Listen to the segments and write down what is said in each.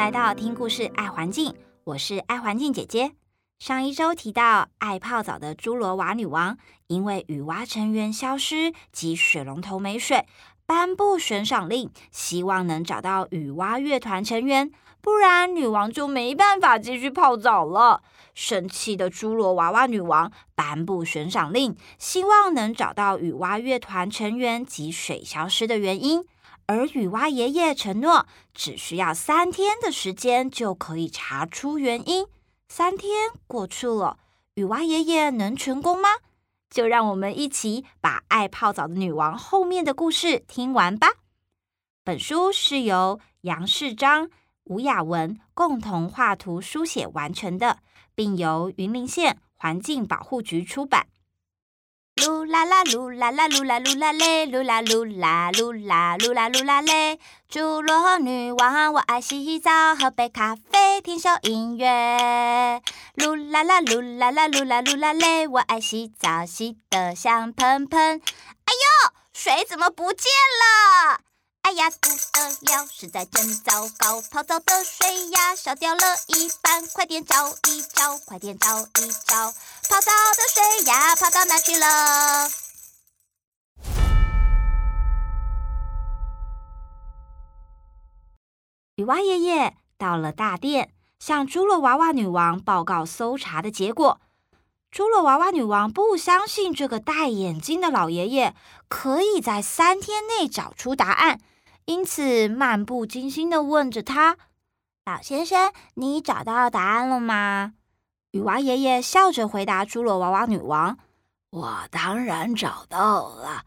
來到聽故事愛環境，我是愛環境姐姐。上一周提到愛泡澡的侏羅娃女王，因為雨蛙成員消失及水龍頭沒水，頒布懸賞令，希望能找到雨蛙樂團成員，不然女王就沒辦法繼續泡澡了。生氣的侏羅娃娃女王頒布懸賞令，希望能找到雨蛙樂團成員及水消失的原因。而雨蛙爺爺承諾，只需要三天的時間就可以查出原因。三天過去了，雨蛙爺爺能成功嗎？就讓我們一起把《愛泡澡的女王》後面的故事聽完吧。本書是由楊世璋、吳雅雯共同畫圖、書寫完成的，並由雲林縣環境保護局出版。嚕啦啦嚕啦啦嚕啦嚕啦嘞，嚕啦嚕啦嚕啦嚕啦嚕啦嘞。侏羅女王，我愛洗澡，喝杯咖啡，聽首音樂。嚕啦啦嚕啦啦嚕啦嚕啦嚕啦嘞，我愛洗澡，洗得香噴噴。哎呦，水怎麼不見了？哎呀，不得了，實在真糟糕！泡澡的水呀，少掉了一半，快點找一找，快點找一找，泡澡的水呀，跑到哪去了？雨蛙爺爺到了大殿，向諸羅娃娃女王報告搜查的結果。諸羅娃娃女王不相信這個戴眼鏡的老爺爺可以在三天內找出答案。因此漫不經心的問着他：“老先生，你找到答案了嗎？”雨蛙爺爺笑着回答侏羅娃娃女王：“我當然找到了。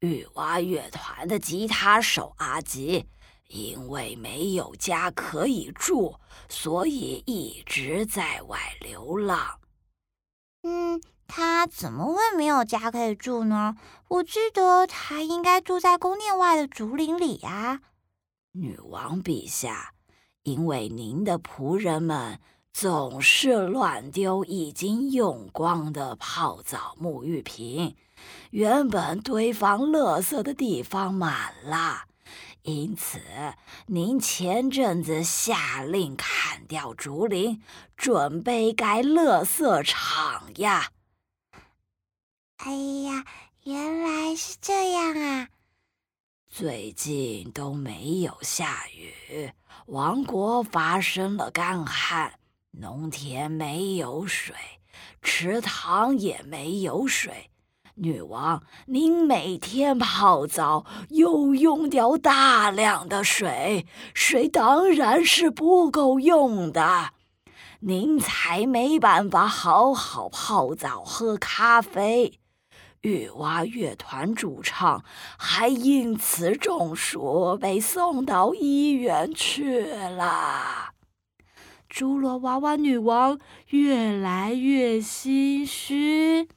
雨蛙樂團的吉他手阿吉，因為沒有家可以住，所以一直在外流浪。”嗯，他怎麼會沒有家可以住呢？我記得他應該住在宮殿外的竹林裡啊。女王陛下，因為您的僕人們總是亂丟已經用光的泡澡沐浴瓶，原本堆放垃圾的地方滿了。因此，您前陣子下令砍掉竹林，準備蓋垃圾場呀。哎呀，原來是這樣啊！最近都沒有下雨，王國發生了乾旱，農田沒有水，池塘也沒有水。女王，您每天泡澡又用掉大量的水，水當然是不夠用的，您才沒辦法好好泡澡、喝咖啡。雨蛙樂團主唱還因此中暑，被送到醫院去了。豬羅娃娃女王越來越心虛。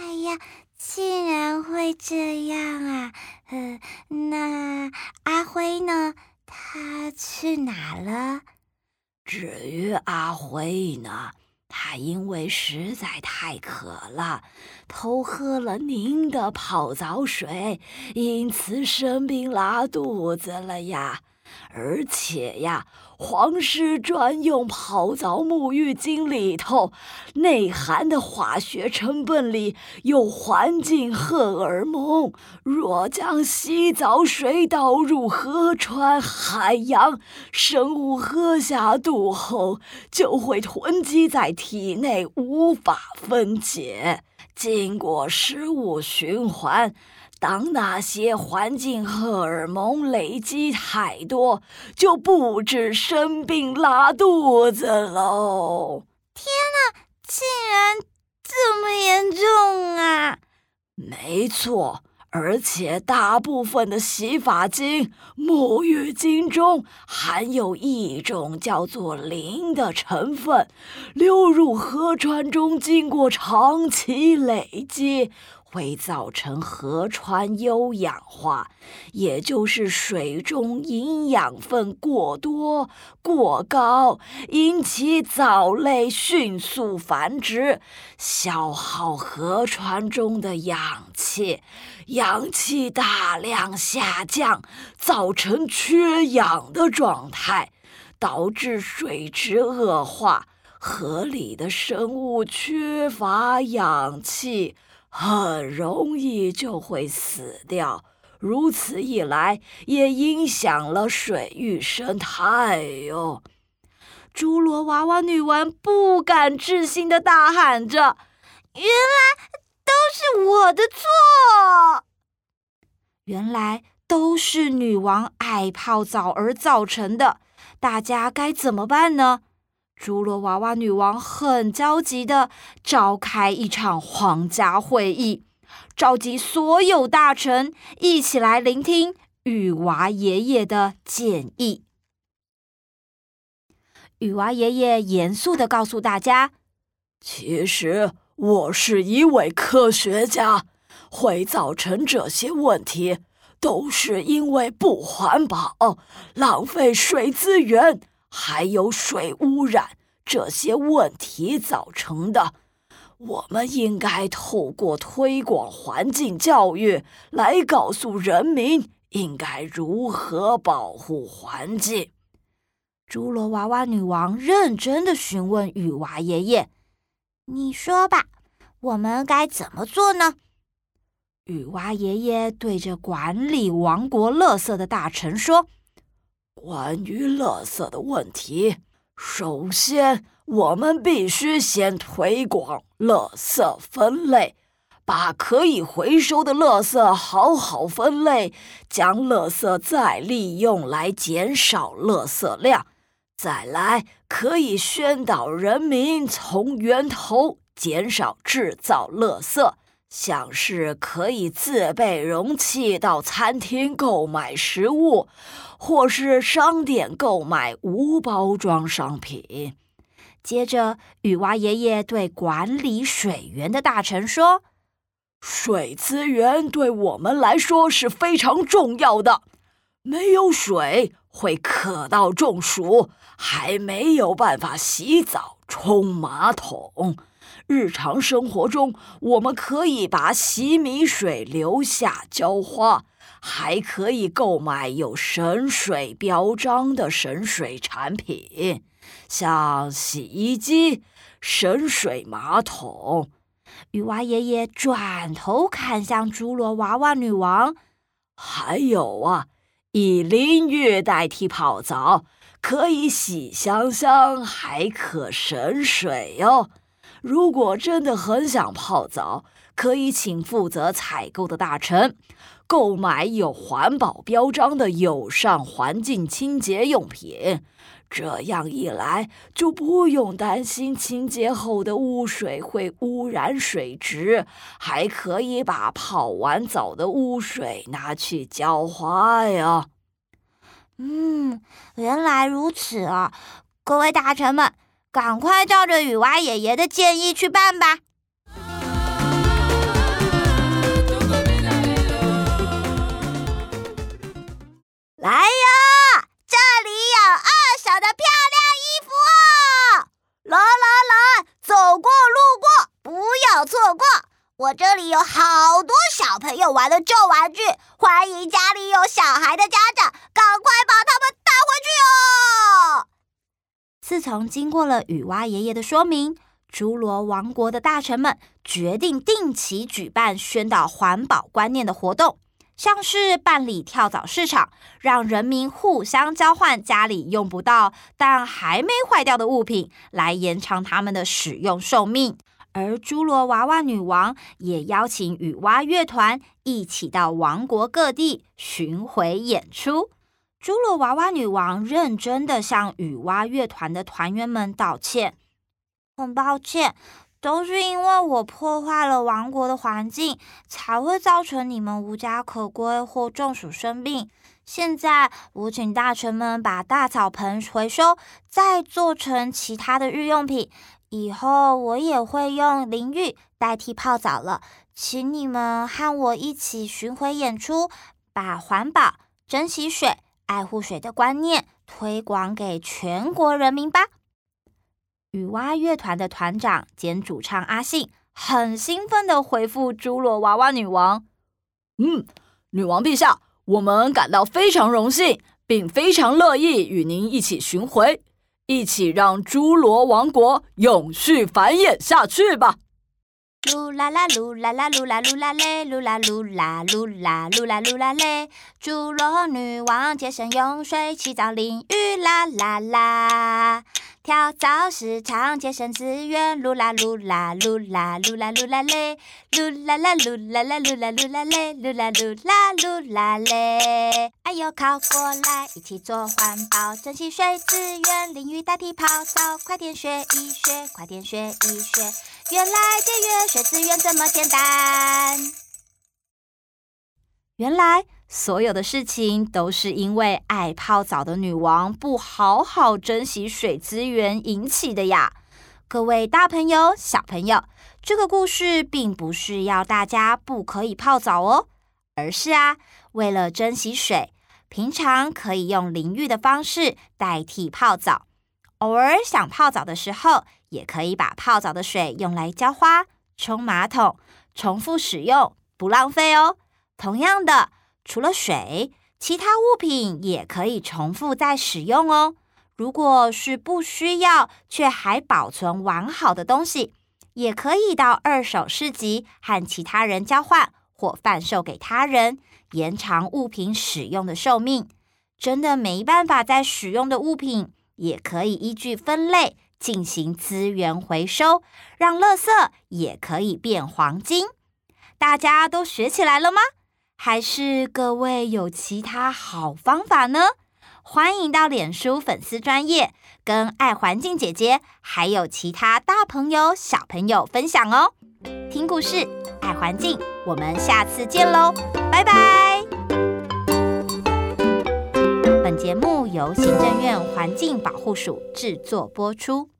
哎呀，竟然會這樣啊！呃，那阿輝呢？他去哪了？至於阿輝呢？他因為實在太渴了，偷喝了您的泡澡水，因此生病拉肚子了呀。而且呀，皇室專用泡澡沐浴精裡頭，內含的化學成分裡有環境荷爾蒙。若將洗澡水倒入河川、海洋，生物喝下肚後，就會囤積在體內，無法分解，經過食物循環。當那些環境荷爾蒙累積太多，就不止生病拉肚子嘍。天哪，竟然這麼嚴重啊！沒錯，而且大部分的洗髮精、沐浴精中含有一種叫做磷的成分，流入河川中，經過長期累積。會造成河川優氧化，也就是水中營養分過多過高，引起藻類迅速繁殖，消耗河川中的氧氣，氧氣大量下降，造成缺氧的狀態，導致水質惡化，河裡的生物缺乏氧氣。很容易就會死掉，如此一來也影響了水域生態喲、哦。諸羅娃娃女王不敢置信的大喊着：“原來都是我的錯！原來都是女王愛泡澡而造成的，大家該怎麼辦呢？”侏羅娃娃女王很焦急地召開一場皇家會議，召集所有大臣一起來聆聽雨蛙爺爺的建議。雨蛙爺爺嚴肅地告訴大家：“其實我是一位科學家，會造成這些問題，都是因為不環保、浪費水資源。”還有水污染這些問題造成的，我們應該透過推廣環境教育來告訴人民應該如何保護環境。侏羅娃娃女王認真的詢問雨蛙爺爺：“你說吧，我們該怎麼做呢？”雨蛙爺爺對着管理王國垃圾的大臣說。關於垃圾的問題，首先我們必須先推廣垃圾分類，把可以回收的垃圾好好分類，將垃圾再利用來減少垃圾量。再來，可以宣導人民從源頭減少製造垃圾。像是可以自備容器到餐廳購買食物，或是商店購買無包裝商品。接着，雨蛙爺爺對管理水源的大臣說：“水資源對我們來說是非常重要的，沒有水會渴到中暑，還沒有辦法洗澡、沖馬桶。”日常生活中，我們可以把洗米水留下澆花，還可以購買有“省水”標章的省水產品，像洗衣機、省水馬桶。雨蛙爺爺轉頭看向侏羅娃娃女王，還有啊，以淋浴代替泡澡，可以洗香香，還可省水喲、哦。如果真的很想泡澡，可以請負責採購的大臣購買有環保標章的友善環境清潔用品。這樣一來，就不用擔心清潔後的汙水會汙染水質，還可以把泡完澡的汙水拿去澆花呀。嗯，原來如此啊，各位大臣們。趕快照着雨蛙爺爺的建議去辦吧！來呀，這裡有二手的漂亮衣服哦！來來來，走過路過，不要錯過！我這裡有好多小朋友玩的舊玩具，歡迎家裡有小孩的家長。自從經過了雨蛙爺爺的說明，侏羅王國的大臣們決定定期舉辦宣導環保觀念的活動，像是辦理跳蚤市場，讓人民互相交換家裡用不到但還沒壞掉的物品，來延長他們的使用壽命。而侏羅娃娃女王也邀請雨蛙樂團一起到王國各地巡迴演出。侏羅娃娃女王認真的向雨蛙樂團的團員們道歉：“很抱歉，都是因為我破壞了王國的環境，才會造成你們無家可歸或中暑生病。現在我請大臣們把大澡盆回收，再做成其他的日用品。以後我也會用淋浴代替泡澡了。請你們和我一起巡回演出，把環保、珍惜水、”愛護水的觀念推廣給全國人民吧！雨蛙樂團的團長兼主唱阿信很興奮地回復侏羅娃娃女王：“嗯，女王陛下，我們感到非常榮幸，並非常樂意與您一起巡回，一起讓侏羅王國永續繁衍下去吧！”嚕啦啦，嚕啦啦，嚕啦嚕啦咧，嚕啦嚕啦，嚕啦嚕啦嚕啦咧，豬羅女王節省用水，洗澡淋浴，啦啦啦。啦跳蚤市場節省資源，嚕啦嚕啦嚕啦嚕啦嚕啦嘞，嚕啦嚕啦嚕啦嚕啦嚕啦嚕啦嘞，嚕啦嚕啦嚕啦嘞。哎呦，靠過來，一起做環保，珍惜水資源，淋浴代替泡澡，快點學一學，快點學一學，原來節約水資源這麼簡單。原來。所有的事情都是因為愛泡澡的女王不好好珍惜水資源引起的呀！各位大朋友、小朋友，這個故事並不是要大家不可以泡澡哦，而是啊，為了珍惜水，平常可以用淋浴的方式代替泡澡。偶爾想泡澡的時候，也可以把泡澡的水用來澆花、沖馬桶，重複使用，不浪費哦。同樣的。除了水，其他物品也可以重複再使用哦。如果是不需要卻還保存完好的東西，也可以到二手市集和其他人交換或販售給他人，延長物品使用的壽命。真的沒辦法再使用的物品，也可以依據分類進行資源回收，讓垃圾也可以變黃金。大家都學起來了嗎？還是各位有其他好方法呢？歡迎到臉書粉絲專頁，跟愛環境姐姐，還有其他大朋友小朋友分享哦。聽故事，愛環境，我們下次見嘍，拜拜。本節目由行政院環境保護署制作播出。